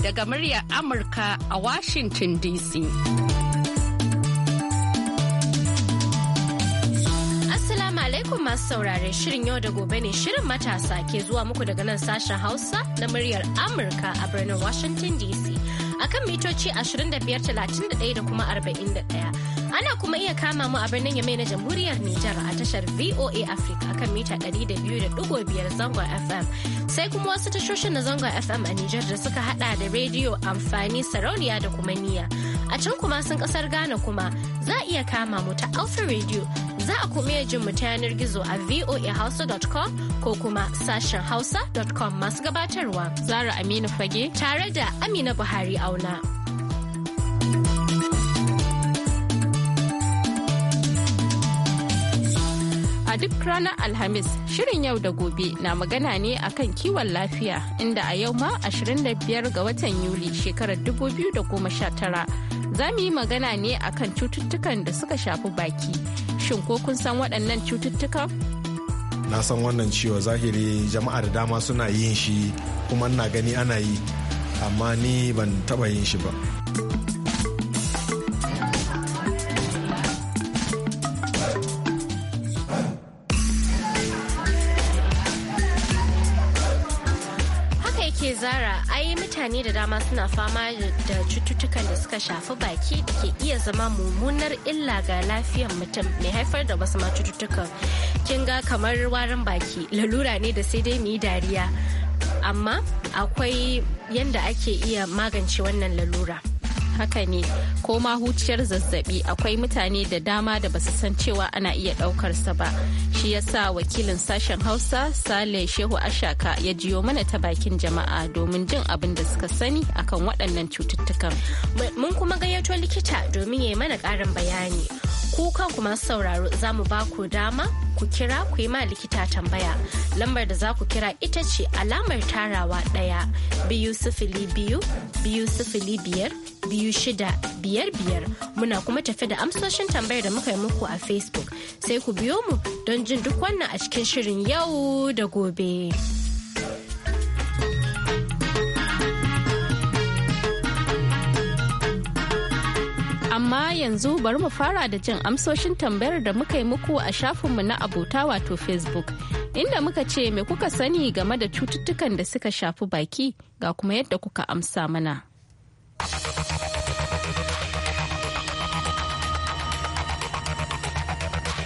Daga muryar Amurka a Washington DC. Assalamu alaikum masu saurare shirin yau da gobe ne shirin matasa ke zuwa muku daga nan sashen Hausa na muryar Amurka a birnin Washington DC. akan mitoci 2531 da kuma 41. Ana kuma iya kama mu a birnin Yamai na Jamhuriyar Nijar a tashar VOA Africa akan mita 200.5 zangon FM. Sai kuma wasu tashoshin na zangon FM a Nijar da suka hada da rediyo amfani sarauniya da kuma niya. A can kuma sun kasar Ghana kuma za iya kama mu ta Alpha Radio za a kuma iya jin mu ta yanar gizo a voahausa.com ko kuma sashen hausa.com masu gabatarwa zara aminu fage tare da amina buhari auna. A duk ranar Alhamis, shirin yau da gobe na magana ne akan kiwon lafiya inda a yau ma 25 ga watan Yuli shekarar 2019 za mu yi magana ne akan cututtukan da suka shafi baki shin ko kun san waɗannan cututtukan? na san wannan ciwo zahiri jama'a da dama suna yin shi kuma na gani ana yi amma ni ban taɓa yin shi ba. mutane da dama suna fama da cututtukan da suka shafi baki da ke iya zama mummunar illa ga lafiyar mutum mai haifar da wasu ma cututtukan kin ga kamar warin baki lalura ne da sai dai mu yi dariya amma akwai yadda ake iya magance wannan lalura haka ne ko ma huciyar zazzabi akwai mutane da dama da basu san cewa ana iya ɗaukarsa ba shi yasa wakilin sashen hausa sale shehu ashaka ya jiyo mana ta bakin jama'a domin jin abin da suka sani akan waɗannan cututtukan mun kuma gayyato likita domin ya yi mana ƙarin bayani ku kanku masu sauraro za mu ba ku dama ku kira ku yi ma likita tambaya lambar da za ku kira ita ce alamar tarawa ɗaya biyu sifili biyu biyu sifili biyar biyu shida biyar biyar muna kuma tafi da amsoshin tambayar da muka yi muku a facebook sai ku biyo mu don jin duk wannan a cikin shirin yau da gobe. Amma yanzu bari mu fara da jin amsoshin tambayar da muka yi muku a shafinmu na abota wato Facebook, inda muka ce me kuka sani game da cututtukan da suka shafi baki ga kuma yadda kuka amsa mana.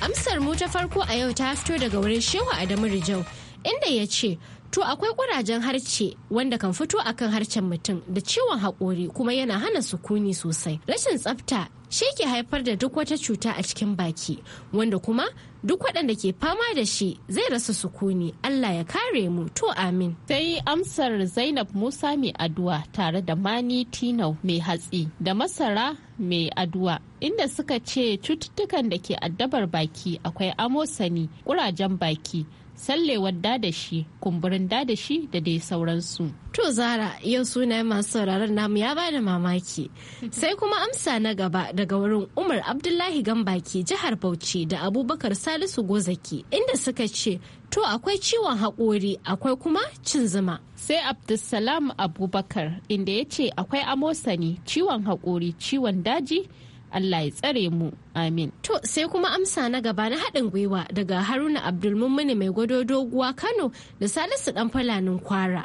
Amsar mu ta farko a yau ta fito daga wurin Shehu Adamu Rijau, inda ya ce To akwai ƙurajen harce wanda kan fito a kan harcen mutum da ciwon haƙori kuma yana hana sukuni sosai. Rashin tsafta shi ke haifar da duk wata cuta a cikin baki wanda kuma duk waɗanda ke fama da shi zai rasa sukuni Allah ya kare mu to amin. Sai amsar Zainab Musa mai aduwa tare da Mani Tinau mai hatsi da masara mai aduwa inda suka ce cututtukan da ke addabar baki akwai amosani, ƙurajen baki, sallewar dadashi kumburin dadashi da dai sauransu. To Zara yau sunayen masu sauraron namu ya bada mamaki. Sai kuma amsa na gaba daga wurin Umar Abdullahi Gambaki jihar Bauchi da Abubakar Salisu Gozaki inda suka ce to akwai ciwon haƙori akwai kuma cin zuma. Sai Abdulsalam Abubakar inda ya ce akwai amosani ciwon haƙori ciwon daji Allah ya tsare mu Amin. To sai kuma amsa na gaba na haɗin gwiwa daga Haruna abdulmumini mai gwado doguwa Kano da Salisu ɗan falanin kwara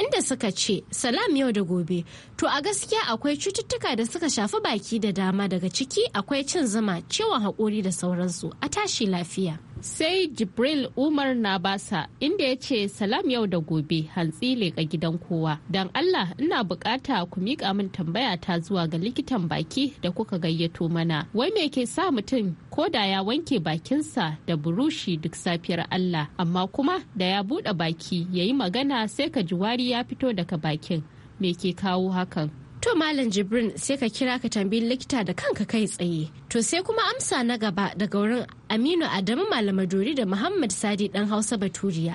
inda suka ce salam yau da gobe. To a gaskiya akwai cututtuka da suka shafi baki da dama daga ciki akwai cin zama ciwon haƙori da sauransu a tashi lafiya. Sai Jibril Umar na basa inda ya ce salam yau da gobe hantsi leƙa gidan kowa. Don Allah ina buƙata ku miƙa min tambaya ta zuwa ga likitan baki da kuka gayyato mana. Wai me ke sa mutum ko da ya wanke bakinsa da burushi duk safiyar Allah amma kuma da ya buɗe baki ya yi magana sai ka ji wari ya fito daga bakin me ke kawo hakan. To Malam Jibrin sai ka kira ka tambayi likita da kanka kai tsaye. To sai kuma amsa na gaba daga wurin Aminu Adamu Malamadori da Muhammad Sadi ɗan Hausa Baturiya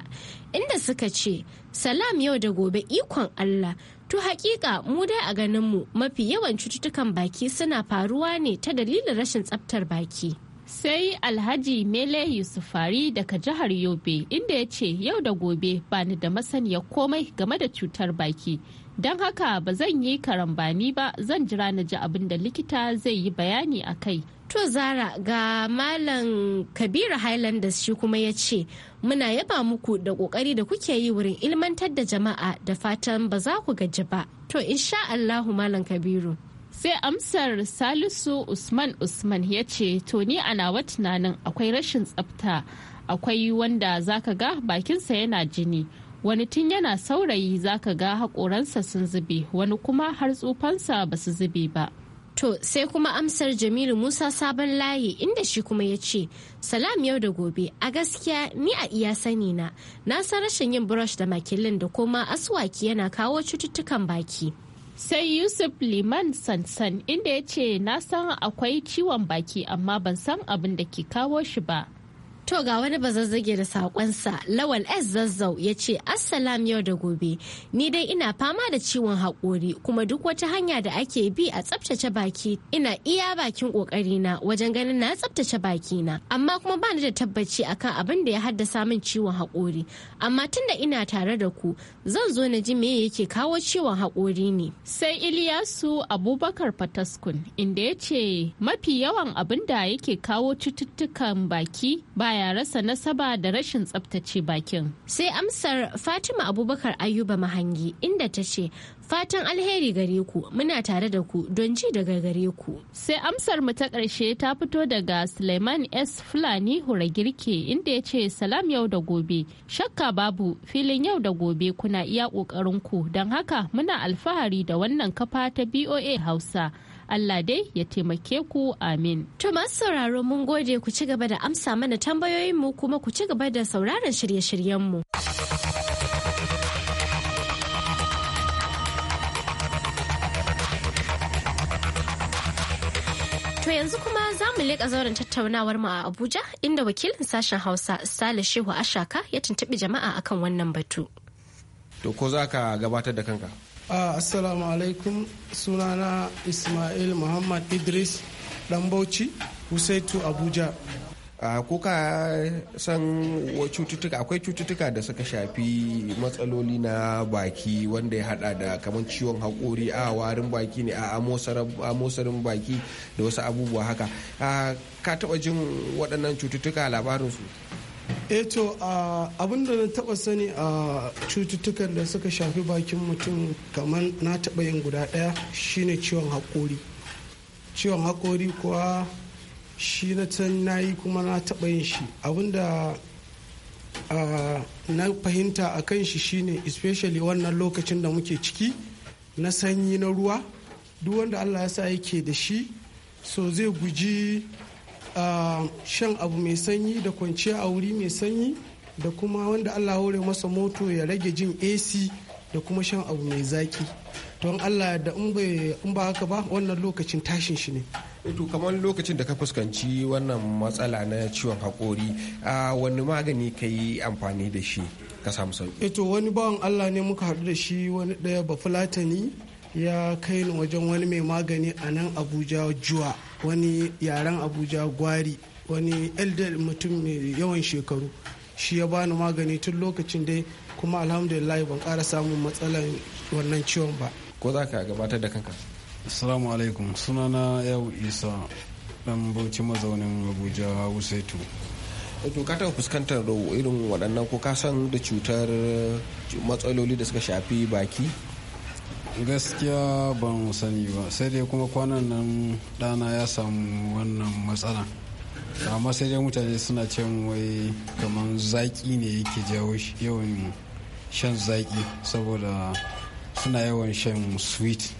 inda suka ce salam yau da gobe ikon Allah To hakika mu dai a ganin mu mafi yawan cututtukan baki suna faruwa ne ta dalilin rashin tsaftar baki. Sai Alhaji Mele Yusufari daga jihar Yobe inda ya ce yau da gobe bani da masaniya komai game da cutar baki. Don haka ba zan yi karambani ba zan jira na ji abin da likita zai yi bayani a kai. To Zara ga Malam Kabiru Highlanders shi kuma ya ce, Muna yaba muku da ƙoƙari da kuke yi wurin ilmantar da jama'a da fatan ba za ku gaji ba. To insha Allahu Malam Kabiru. Sai amsar Salisu Usman Usman ya ce, To ni a nawa tunanin akwai rashin tsafta, akwai wanda zaka ga bakinsa yana jini. Wani tun yana saurayi zaka ga haƙoransa sun zube, wani kuma har tsufansa ba su zube ba. To sai kuma amsar Jamilu Musa sabon layi inda shi kuma ya ce, Salam yau da gobe, a gaskiya ni a iya sani na, na san rashin yin brush da makilin da kuma aswaki yana kawo cututtukan baki. Sai Yusuf Liman Sansan inda ya ce na san akwai ciwon baki amma ban san abin da ke kawo shi ba. To ga wani bazazzage da sakonsa Lawal S Zazzau ya ce Assalam yau da gobe ni dai ina fama da ciwon haƙori kuma duk wata hanya da ake bi a tsabtace baki ina iya bakin ƙoƙarina wajen ganin na tsaftace bakina amma kuma bani da tabbaci akan abin da ya haddasa min ciwon haƙori amma tun da ina tare da ku zan zo na ji me yake kawo ciwon haƙori ne. Sai Iliyasu Abubakar Fataskun inda ya ce mafi yawan abin da yake kawo cututtukan baki ba baya rasa nasaba da rashin tsabtace bakin. Sai amsar Fatima Abubakar Ayuba Mahangi inda ta ce fatan alheri gare ku muna tare da ku don ji daga gare ku. Sai amsar mu ta ƙarshe ta fito daga Suleiman S. Fulani Hura Girke inda ya ce salam yau da gobe. Shakka babu filin yau da gobe kuna iya ƙoƙarin ku don haka muna alfahari da wannan kafa ta BOA Hausa. Allah dai ya taimake ku amin. To masu sauraro mun gode ku ci gaba da amsa mana tambayoyin mu kuma ku ci gaba da sauraron shirye-shiryen mu. To yanzu kuma za mu leƙa zauren tattaunawar mu a Abuja inda wakilin sashen Hausa Sale Shehu Ashaka ya tuntuɓi jama'a akan wannan batu. To ko za ka gabatar da kanka? Ah, assalamu alaikum sunana ismail muhammad idris dan bauchi husaitu abuja ah, Ko kuka san cututtuka akwai cututtuka da suka shafi matsaloli na baki wanda ya hada da kamar ciwon haƙori a warin baki ne a amosarin baki da wasu abubuwa haka ah, ka taɓa jin waɗannan cututtuka su. eto eh abin da na taba sani a cututtukan da suka shafi bakin mutum kamar na taba yin guda daya shine ciwon haƙori ciwon haƙori kuwa shi na can na yi kuma na taba yin shi abin da na fahimta a kan shi shine especially wannan lokacin da muke ciki na sanyi na ruwa duk wanda allah ya sa yake da shi so zai guji shan abu mai sanyi da kwanciya a wuri mai sanyi da kuma wanda allah hore masa moto ya rage jin ac da kuma shan abu mai zaki don allah da in ba haka ba wannan lokacin tashin shi ne eh to kamar lokacin da ka fuskanci wannan matsala na ciwon haƙori a wani magani ka yi amfani da shi ka samu sauki eh to wani bawan allah ne muka haɗu da shi wani ɗaya bafulatani ya kai ni wajen wani mai magani a nan abuja juwa wani yaren abuja gwari wani elder mutum mai yawan shekaru shi ya bani magani tun lokacin dai kuma alhamdulillah ban kara samun matsalan wannan ciwon ba ko za ka gabatar da kanka assalamu alaikum sunana yau isa dan bauchi mazaunin abuja wusaitu eh, to ka taɓa fuskantar irin waɗannan ko ka san da cutar matsaloli da suka shafi baki gaskiya ban sani ba sai dai kuma kwanan nan dana ya samu wannan matsala amma sai dai mutane suna cewa wai kamar zaƙi ne yake jawo yawan shan zaƙi saboda suna yawan shan sweet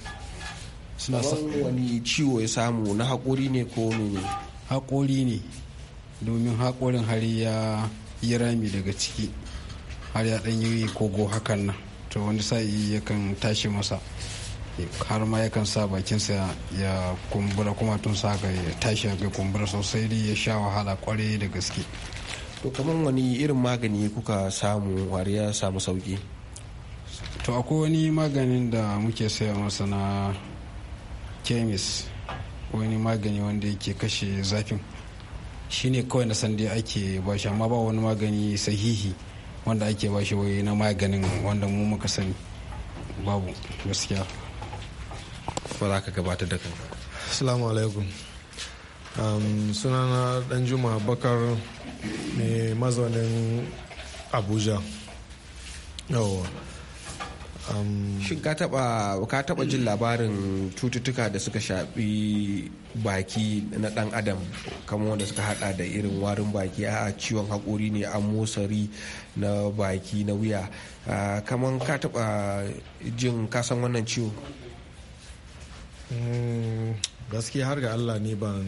suna wani ciwo ya samu na haƙori ne ko ne haƙori ne domin haƙorin har ya yi rami daga ciki har ya ɗanyoyi ko kogo hakan nan to wani sa'i yakan tashi masa har ma yakan sa bakinsa ya kumbura kuma tun sa ga tashi ga kumbura sosai da ya sha wahala kwarai da gaske to kamar wani irin magani kuka samu wari samu sauki to akwai wani maganin da muke saya masa na kemis wani magani wanda yake kashe zafin shine kawai na sanda ake bashi amma ba wani magani sahihi wanda ake ba shi waye na maganin wanda mu muka sani babu gaskiya ba za ka gabatar da kanka assalamu alaikum um, sunana danjuma bakar ne mazaunin abuja shin ka taba ka taba jin labarin cututtuka da suka shafi baki na dan adam kamar wanda suka hada da irin warin baki a ciwon hakori ne a musari na baki na wuya kamar ka taba jin kasan wannan ciwo mm, gaskiya har ga allah ne ban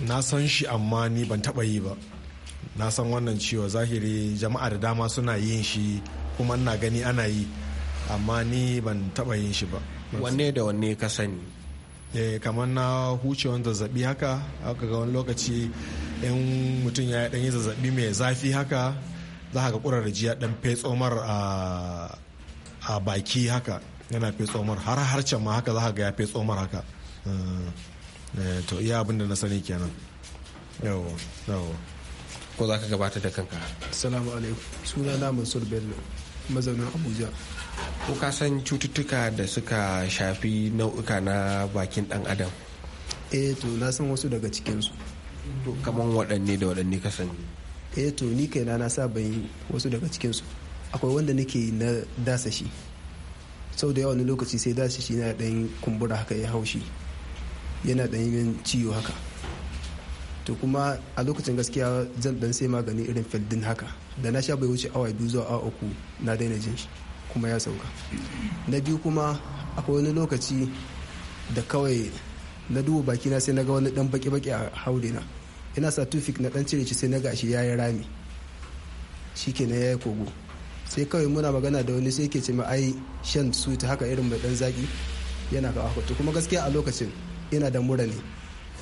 na san shi amma ni ban taba yi ba na san wannan ciwo zahiri jama'a da dama suna yin shi kuma ina gani ana yi amma ni ban taba yin shi ba wanne da wanne ka sani eh kamar na huce wani zazzabi haka haka ga wani lokaci in mutum ya dan yi zazzabi mai zafi haka za ka ga da jiya dan fetso mar a baki haka yana fetso mar har harcen ma haka za ka ga ya fetso mar haka eh, eh, to iya abin da na sani kenan yawo yawo ko za ka gabata da kanka assalamu alaikum suna mansur bello mazaunin abuja ko ka san cututtuka da suka shafi nau'uka na bakin dan adam eh to na san wasu daga cikinsu to kamar waɗanne da waɗanne ka sani eh to ni kaina na sa bai wasu daga cikinsu akwai wanda nake na dasa shi sau da yawa wani lokaci sai dasa shi na ɗan kumbura haka ya haushi yana ɗan yin ciwo haka to kuma a lokacin gaskiya zan dan sai magani irin feldin haka da na sha bai wuce awa biyu zuwa awa uku na daina jin shi kuma ya sauka na biyu kuma akwai wani lokaci da kawai na duba baki na sai na ga wani dan baki baki a haure na ina sa tufik na dan cire shi sai na ga shi yayi rami shikenan yayi kogo sai kawai muna magana da wani sai ke ce ma ai shan su ta haka irin mai dan zaki yana ka kuma gaskiya a lokacin ina da mura ne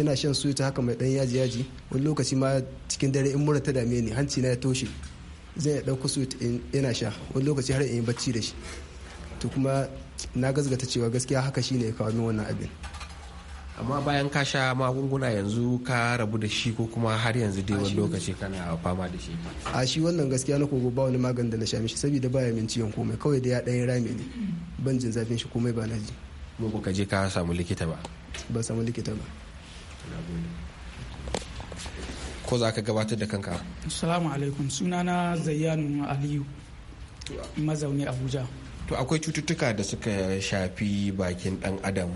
yana shan suyu ta haka mai dan yaji yaji wani lokaci ma cikin dare in mura ta dame ni hanci na ya toshe zan ya dauko suyu yana sha wani lokaci har in yi bacci da shi to kuma na gazgata cewa gaskiya haka shine ya kawo min wannan abin amma bayan ka sha magunguna yanzu ka rabu da shi ko kuma har yanzu dai wani lokaci kana fama da shi a shi wannan gaskiya na kogo ba wani magani da na sha mishi saboda baya min ciwon komai kawai da ya dan rame ne ban jin zafin shi komai ba na ji ko ka je ka samu likita ba ba samu likita ba ko za ka gabatar da kanka assalamu alaikum sunana zayyanu aliyu mazauni abuja to akwai cututtuka da suka shafi bakin dan adam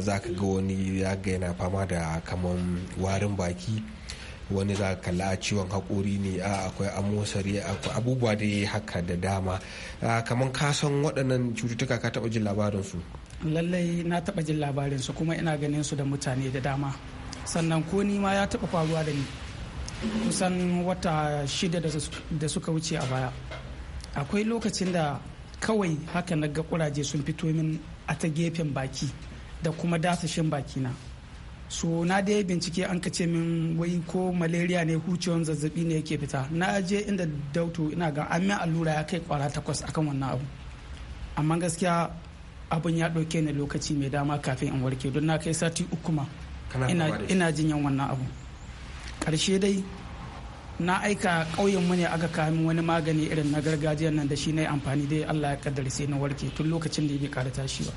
za ka ga wani ya ga yana fama da kaman warin baki wani za ka kalla ciwon haƙori ne a akwai amosari akwai abubuwa da haka da dama kaman ka san waɗannan cututtuka ka taɓa jin labarin su lallai na taɓa jin labarin su kuma ina ganin su da mutane da dama sannan ko ni ma ya taɓa faruwa da ni kusan wata shida da suka wuce a baya akwai lokacin da kawai haka na ga kuraje sun fito min a ta gefen baki da kuma dasashin bakina so na dai bincike an kace min wai ko malaria ne hucewan zazzabi ne yake fita na je inda dauto ina ga an allura ya kai kwara takwas akan wannan abu amma gaskiya abin ya ɗauke ni lokaci mai dama kafin in warke don na kai sati uku ma ina jin yan wannan abu ƙarshe dai na aika ƙauyen mu ne aka kamin wani magani irin na gargajiyan nan da shi na amfani dai Allah ya kaddar sai na warke tun lokacin da bai ƙara tashi ba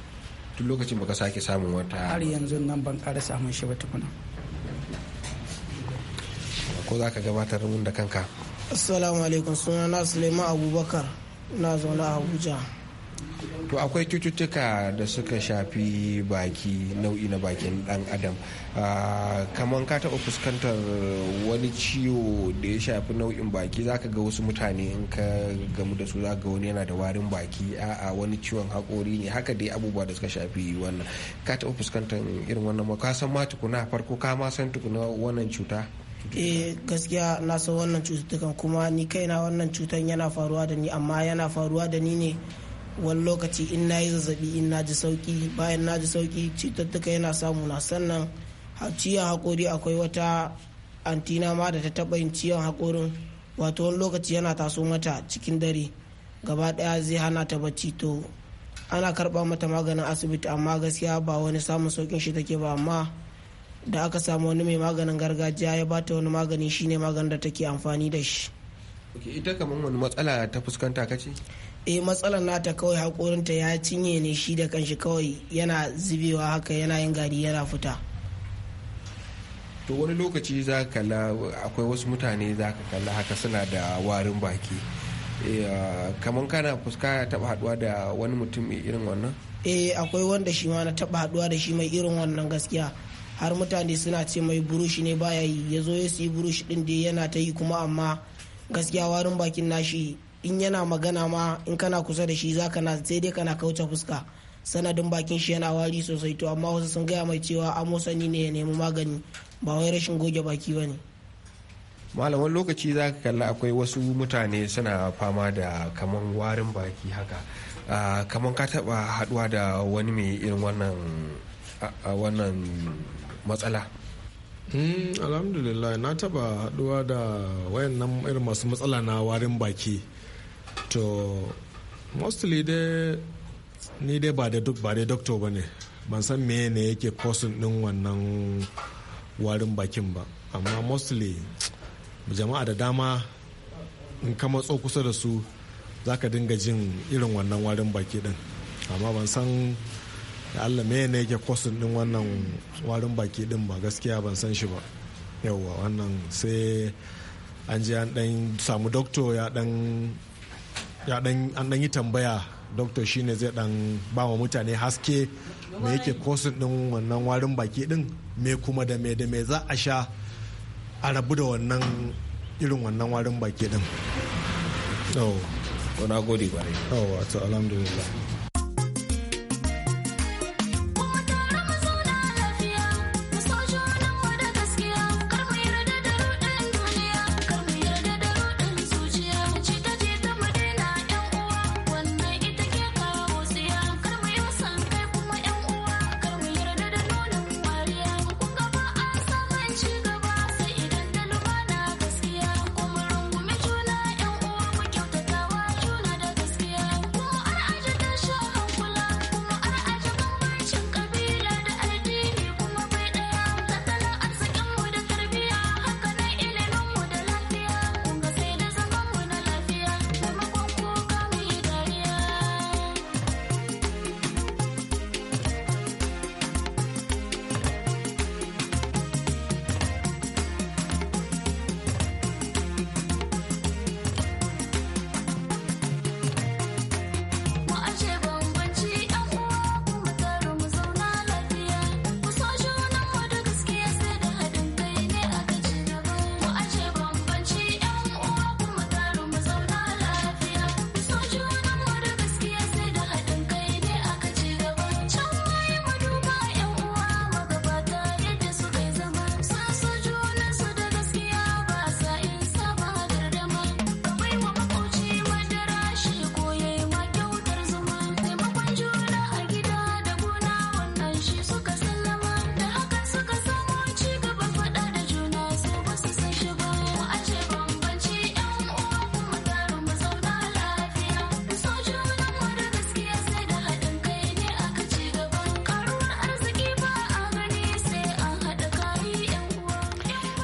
tun lokacin baka sake samun wata har yanzu nan ban ƙara samun shi ba tukuna ko za ka gabatar mun da kanka assalamu alaikum sunana suleiman abubakar na zaune a abuja to akwai cututtuka da suka shafi baki nau'i na bakin dan adam ah, kamar ka taɓa fuskantar wani ciwo da ya shafi nau'in baki zaka ga wasu mutane in ka gamu da su za ga wani yana da warin baki a wani ciwon haƙori ne haka dai abubuwa da suka shafi wannan ka taɓa fuskantar irin wannan ka san ma tukuna farko ka ma san tukuna wannan cuta eh gaskiya na san wannan cututtukan kuma ni kaina wannan cutan yana faruwa da ni amma yana faruwa da ni ne wani lokaci in na yi zazzabi in na ji sauki bayan na ji sauki cututtuka yana samu na sannan ciyan hakori akwai wata antina ma da ta taba yin ciyan hakorin wato wani lokaci yana taso mata cikin dare gaba ɗaya zai hana ta bacci to ana karba mata maganin asibiti amma gaskiya ba wani samun saukin shi take ba amma da aka samu wani mai maganin gargajiya ya ba ta wani magani shine maganin da take amfani da shi ita kamar wani matsala ta fuskanta kace eh matsalar nata kawai haƙorinta ya cinye ne shi da kanshi kawai yana zubewa haka yana yin gari yana fita to wani lokaci za ka kalla akwai wasu mutane za ka kalla haka suna da warin baki eh, ah, kamar kana fuska taɓa haɗuwa da wani mutum mai irin wannan eh akwai wanda shi ma na taɓa haɗuwa da shi mai irin wannan gaskiya har mutane suna ce mai burushi ne baya yi ya zo ya yi burushi din da yana ta yi kuma amma gaskiya warin bakin nashi in yana magana ma in kana kusa da shi za kana sai dai kana kauce fuska sanadin bakin shi yana wari sosai to amma wasu sun gaya mai cewa amosani ne ya nemi magani ba wai rashin goge baki ba ne wani lokaci za ka kalla akwai wasu mutane suna fama da kaman warin baki haka ah, kaman ka taba haduwa da wani mai irin wannan matsala hmm, alhamdulillah na taba haduwa da wayannan irin masu matsala na warin baki to mostly dai ni dai ba da duk ba dai doctor ba ne ban san me ne yake kosin din wannan warin bakin ba amma mostly jama'a da dama in ka matso kusa da su za ka dinga jin irin wannan warin baki din amma ban san da allah me ne yake kosin din wannan warin baki din ba gaskiya ban san shi ba yauwa wannan sai an je an dan samu doctor ya dan an dan yi tambaya doktor shine zai dan ba wa mutane haske me yake kosin din wannan warin baki din me kuma da me da me za a sha a rabu da wannan irin wannan warin baki din. Oh. Wana gode kwarai. Oh, wato alhamdulillah.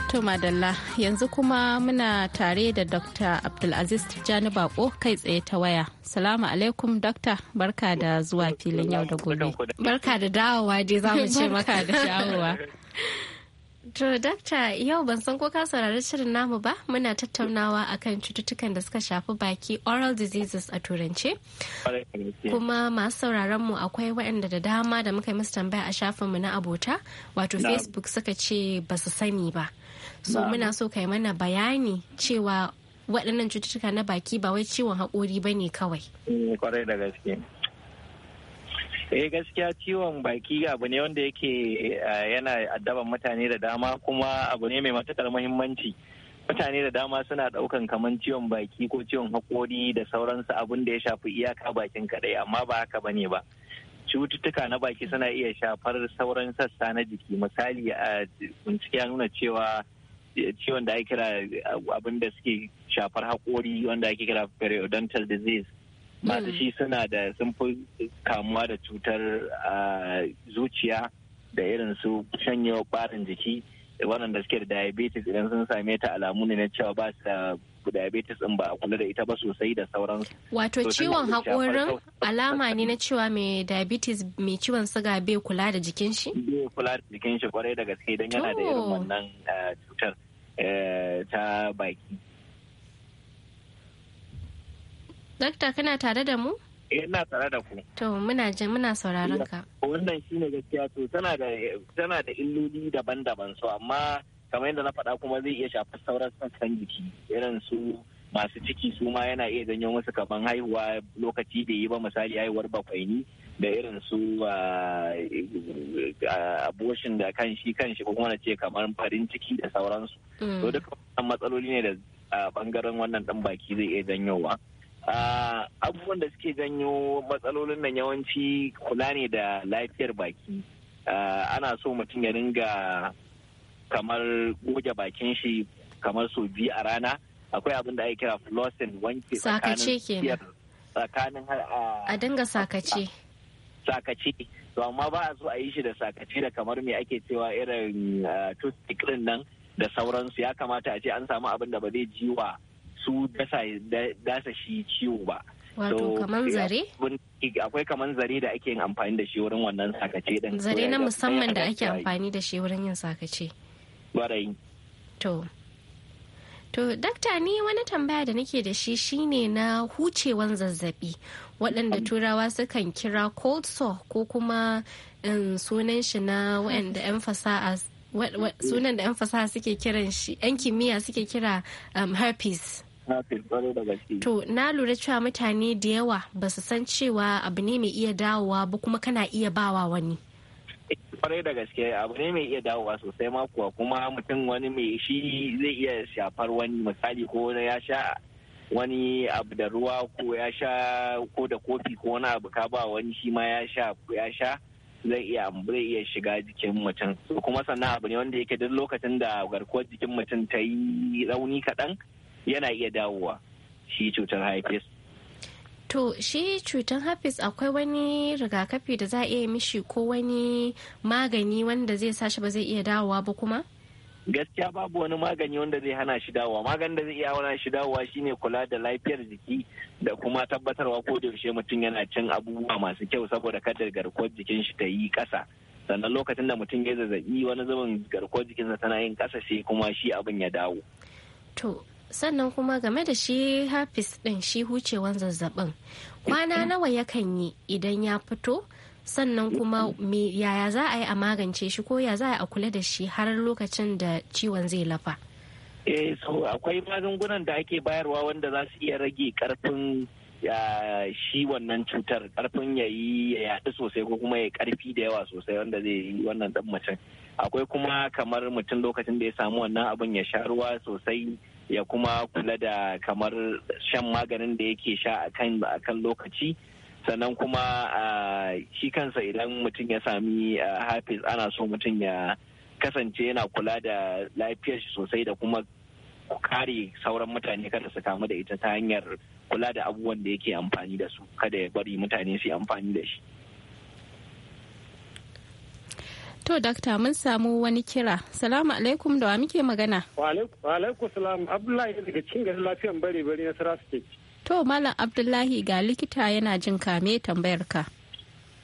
To Madalla yanzu kuma muna tare da Dr. Abdulaziz Tijjani Bako kai tsaye ta waya. Salamu alaikum Dr. Barka da zuwa filin yau da gobe. Barka da dawowa dai za mu ce maka da shawarwa To Dr yau ban san ko ka saurari shirin namu ba muna tattaunawa akan cututtukan da suka shafi baki oral diseases a turance. Kuma masu sauraron mu akwai waɗanda da dama da muka yi musu tambaya a shafinmu na abota wato Facebook suka ce ba su sani ba. so muna so kai mana bayani cewa waɗannan cututtuka na baki ba wai ciwon haƙori ba ne kawai eh, kwarai da gaske eh gaskiya ciwon baki abu ne wanda yake eh, yana addaban mutane da dama kuma abu ne mai matuƙar muhimmanci mutane da dama suna ɗaukan kamar ciwon baki ko ciwon haƙori da sauransu abin da ya shafi iyaka bakin kaɗai amma ba haka bane ba cututtuka na baki suna iya shafar sauran sassa na jiki misali a ya nuna cewa ciwon da ake kira abin da suke shafar haƙori wanda ake kira periodontal disease masu shi suna da sun fi kamuwa da cutar zuciya da irin su shanyewa ɓarin jiki waɗanda suke da diabetes idan sun same ta alamu ne na cewa ba su diabetes din ba a kula da ita ba sosai da sauran wato ciwon haƙorin alama ne na cewa mai diabetes mai ciwon suga bai kula da jikin shi bai kula da jikin shi kwarai da gaske don yana da irin wannan eh, cutar eh, ta baki Dokta kana tare da mu? Eh, ina tare da ku. To muna je muna sauraron ka. Wannan shine gaskiya to tana da tana da illoli daban-daban so amma kamar yadda na faɗa kuma zai iya shafar sauran sassan jiki irin su masu ciki su ma yana iya janyo musu kaman haihuwa lokaci bai yi ba misali haihuwar bakwaini da irin su ah, ah, abortion da kan shi kan shi kuma na ce kamar farin ciki da sauransu mm. to duka matsaloli ne da bangaren wannan dan baki zai iya janyowa abubuwan da suke janyo matsalolin nan yawanci kula ne da lafiyar baki ana so mutum ya dinga. kamar goge bakin shi kamar sau biyu a rana akwai abin da ake kira flossing wanke sakace kenan ah, a dinga sakace sakace to amma ba a so a yi shi da sakace da kamar me ake cewa irin ah, toothpick din nan da sauransu ya kamata a ce an samu abin da ba zai jiwa su dasa shi ciwo ba Wato kaman zare? Akwai kaman zare da ake yin amfani da shi wurin wannan sakace din. Zare na musamman da ake amfani da shi wurin yin sakace. barayi to To, dakta ni wani tambaya da nake da shi shine na hucewan zazzabi waɗanda turawa sukan kira cold sore ko kuma um, sunan shi na waɗanda 'yan fasaha sunan da 'yan fasaha suke kiran shi 'yan kimiyya suke kira um, herpes. To, na lura cewa mutane da yawa ba su san cewa abu ne mai iya dawowa ba kuma kana iya bawa wani. kwarai da gaske abu ne mai iya dawowa sosai makuwa kuma mutum wani mai shi zai iya shafar wani misali ko ya sha wani abu da ruwa ko ya sha ko da kofi ko wani abu ka ba wani shi ma ya sha ya sha zai iya zai iya shiga jikin mutum kuma sannan abu ne wanda yake duk lokacin da garkuwar jikin mutum ta yi rauni kaɗan yana iya dawowa shi cutar hypes To shi cutan herpes akwai wani rigakafi da za a iya mishi ko wani magani wanda zai sa ba zai iya dawowa ba kuma? Gaskiya babu wani magani wanda zai hana shi dawowa. Maganin da zai iya hana shi dawowa shine kula da lafiyar jiki da kuma tabbatarwa ko da yaushe mutum yana cin abubuwa masu kyau saboda kada garkuwar jikin shi ta yi kasa Sannan lokacin da mutum ya zazzabi wani zubin garkuwar jikinsa tana yin kasa sai kuma shi abin ya dawo. To sannan kuma game da shi hafis din shi hucewan zazzabin kwana nawa yakan yi idan ya fito sannan kuma me yaya za a yi a magance shi ko ya za a kula da shi har lokacin da ciwon zai lafa eh so akwai magungunan da ake bayarwa wanda za su iya rage karfin ya shi wannan cutar karfin ya yi ya yaɗu sosai ko kuma ya karfi da yawa sosai wanda zai yi wannan dan mace akwai kuma kamar mutum lokacin da ya samu wannan abun ya sha ruwa sosai ya kuma kula da kamar shan maganin da yake sha a kan lokaci sannan kuma shi kansa idan mutum ya sami hafiz ana so mutum ya kasance yana kula da lafiyar shi sosai da kuma kare sauran mutane kada su kamu da ita ta hanyar kula da abubuwan da yake amfani da su kada ya bari mutane su amfani da shi. To, dakta mun samu wani kira. Salamu alaikum da wa muke magana. Wa alaikum salam Abdullahi daga cin gasar lafiyan bare bare na Sarasa State. To, Malam Abdullahi ga likita yana jin kame tambayar ka.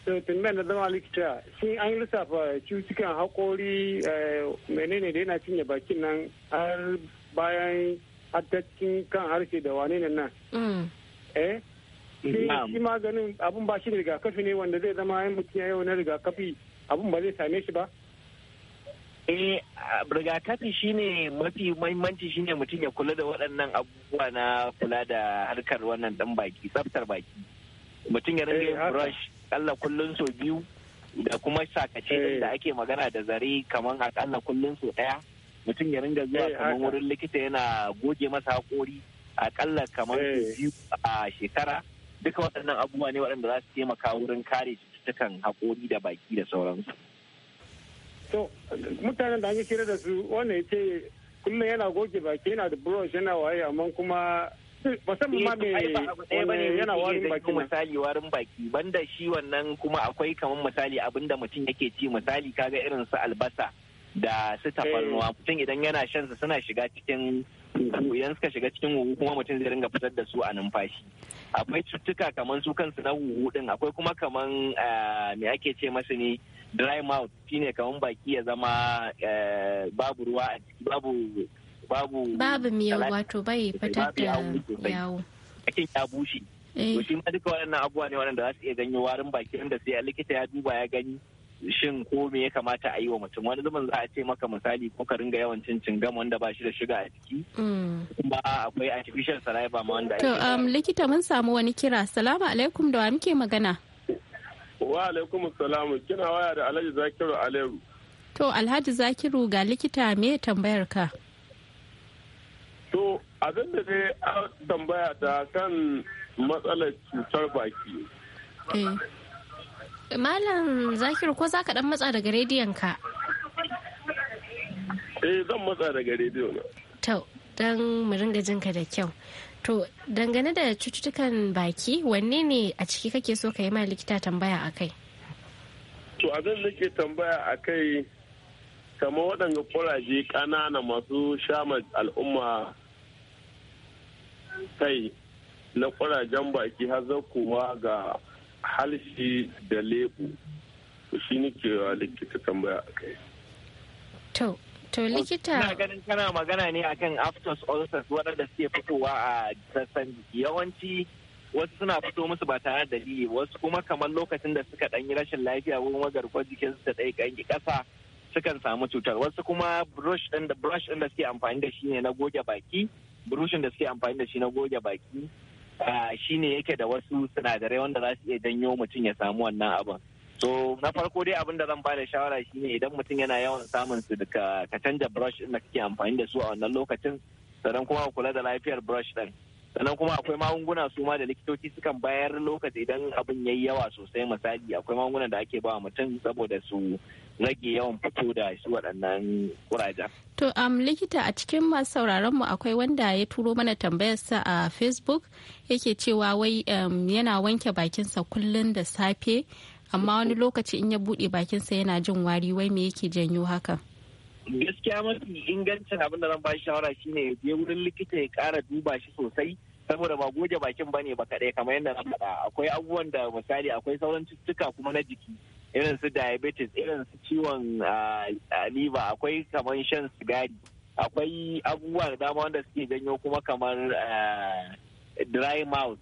To, tambayar da zama likita, shi an lissafa cutukan haƙori eh, menene da yana cinye bakin nan har bayan hattacin kan harshe da wane nan nan. Mm. Eh? Shi maganin abun ba shi rigakafi ne wanda zai zama yin mutum yau na rigakafi. abin ba zai same shi ba eh rigakafi shine mafi mahimmanci shine mutum ya kula da waɗannan abubuwa na kula da harkar wannan dan baki tsaftar baki mutum ya eh, rage brush kalla kullun so biyu da kuma sakace eh. da ake magana da zare kaman akalla kullun so ɗaya mutum ya ringa zuwa eh, kaman wurin likita yana goge masa haƙori akalla kaman biyu a shekara duka waɗannan abubuwa ne waɗanda za su taimaka wurin kare cututtukan haƙori da baki da sauransu. To mutanen da an yi kira da su wannan ce kullum yana goge baki yana da brush yana waye amma kuma musamman ma eh, me yana warin baki misali warin baki banda shi wannan kuma akwai kamar misali abinda mutum yake ci misali kaga irin su albasa da su tafarnuwa eh. mutum idan yana shan su suna shiga cikin idan suka shiga cikin huhu kuma mutum zai ringa fitar da su a numfashi akwai cututtuka kamar su kansu na huhu din akwai kuma kamar eh, me ake ce masa ne dry mouth shine kamar baki ya zama eh, babu ruwa a ciki babu babu babu miyau wato bai fitar da yawo akin ya bushe to eh. shi ma duka waɗannan abubuwa ne waɗanda za su iya janyo warin baki wanda sai likita ya duba ya gani shin ko me ya kamata a yi wa mutum wani zaman za a ce maka misali ko ka ringa yawan cin cingam wanda ba shi da shiga a ciki mm. kuma akwai artificial saliva ma wanda to um, likita mun samu wani kira salamu alaikum da wa muke magana wa alaikum salamu kina waya da alhaji zakiru aleru to alhaji zakiru ga likita me tambayar ka to abin da dai tambaya ta kan matsalar cutar baki eh. Malam Zakiru ko za ka dan matsa daga rediyon ka? Eh zan matsa daga rediyo na. To, dan mu ringa jinka da kyau. To, dangane da cututtukan baki, wanne ne a ciki kake so ka yi ma likita tambaya a kai? To, abin da ke tambaya a kai, kama waɗanda ƙuraje ƙanana masu shama al'umma kai na ƙurajen baki har kuma ga halshi da lebu to shi ke wa likita tambaya a kai to to likita ganin kana magana ne akan aftos ulcers waɗanda suke fitowa a sassan jiki yawanci wasu suna fito musu ba tare da dalili wasu kuma kamar lokacin da suka ɗanyi rashin lafiya garkuwar jikin su ta ɗaya ƙanƙi ƙasa sukan samu cutar wasu kuma brush ɗin da brush ɗin da suke amfani da shi ne na goge baki burushin da suke amfani da shi na goge baki shi ne yake da wasu sinadarai wanda za su iya janyo mutum ya samu wannan abin so na farko dai abin da zan bada shawara shi ne idan mutum yana yawan samun su da ka canja brush ɗin da kake amfani da su a wannan lokacin sannan kuma kula da lafiyar brush ɗin. sannan kuma akwai magunguna su ma da likitoci sukan bayar lokaci idan abin yayi yawa sosai misali akwai magungunan da ake ba mutum saboda su rage yawan fito da su waɗannan kurajen. To um, likita a cikin masu sauraron mu akwai wanda ya turo mana tambayarsa a Facebook yake cewa wai um, yana wanke bakinsa kullum da safe amma wani lokaci in ya buɗe bakinsa yana jin wari wai me yake janyo haka? gaskiya mafi ingancin abin da zan ba shawara shine je wurin likita ya kara duba shi sosai saboda ba goge bakin ba ne ba kaɗai kamar yadda na faɗa akwai abubuwan da misali akwai sauran cututtuka kuma na jiki irin su diabetes irin su ciwon ah, ah, liver akwai kamar shan sigari akwai abubuwa da dama wanda suke janyo kuma kamar ah, dry mouth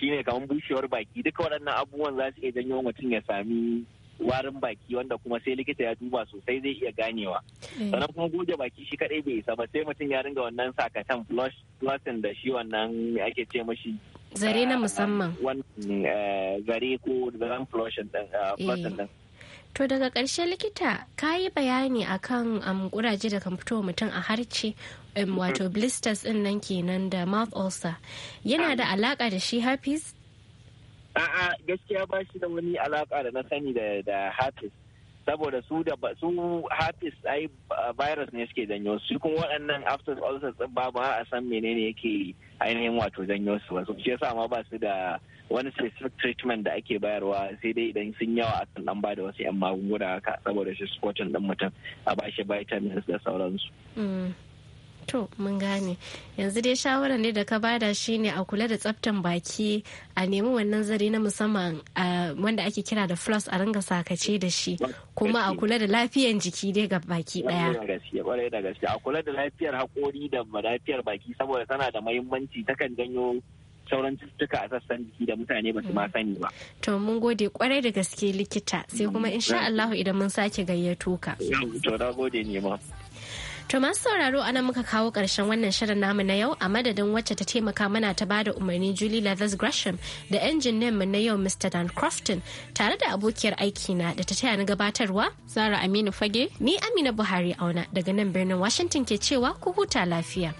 shine kamar bushewar baki duka waɗannan abubuwan za su iya janyo mutum ya sami warin baki wanda kuma sai likita ya duba sosai zai iya ganewa eh. sannan kuma goge baki shi kadai bai isa ba sai mutum ya ringa wannan sakatan flush flushing da shi wannan me ake ce mashi zare na eh, musamman eh, zare ko zaren flushing din To daga ƙarshe likita ka yi bayani akan kan kuraje um, da kan fito mutum a harce um, wato mm-hmm. blisters din nan kenan da mouth ulcer yana da alaka da shi herpes A'a gaskiya ba shi da wani alaka da na sani da Hafiz. Saboda su da su Hafiz ai virus ne suke janyo su kuma waɗannan after ulcers babu a san menene yake ainihin wato janyo su ba. Shi yasa ma ba su da wani specific treatment da ake bayarwa sai dai idan sun yawa a kan dan da wasu 'yan magunguna haka saboda shi supporting din mutum a shi vitamins da sauransu. Mm. to mun gane yanzu dai shawarar ne da ka bada shine a kula da tsaftan baki a nemi wannan zare na musamman wanda ake kira da flus a ringa sakace da shi kuma a kula da lafiyan jiki dai ga baki daya a kula da lafiyar haƙori da lafiyar baki saboda tana da mahimmanci ta kan janyo sauran cututtuka a sassan jiki da mutane ba su ma sani ba. To mun gode kwarai da gaske likita sai kuma mm. insha Allah idan mun sake gayyato ka. To na gode ne ma. To masu sauraro anan muka kawo ƙarshen wannan shirin namu na yau a madadin wacce ta taimaka mana ta bada umarni Julie Leathers Gresham da injiniyan mu na yau Mr. Dan Crofton tare da abokiyar aikina da ta taya na gabatarwa Zara Aminu Fage ni Amina Buhari auna daga nan birnin Washington ke cewa ku huta lafiya.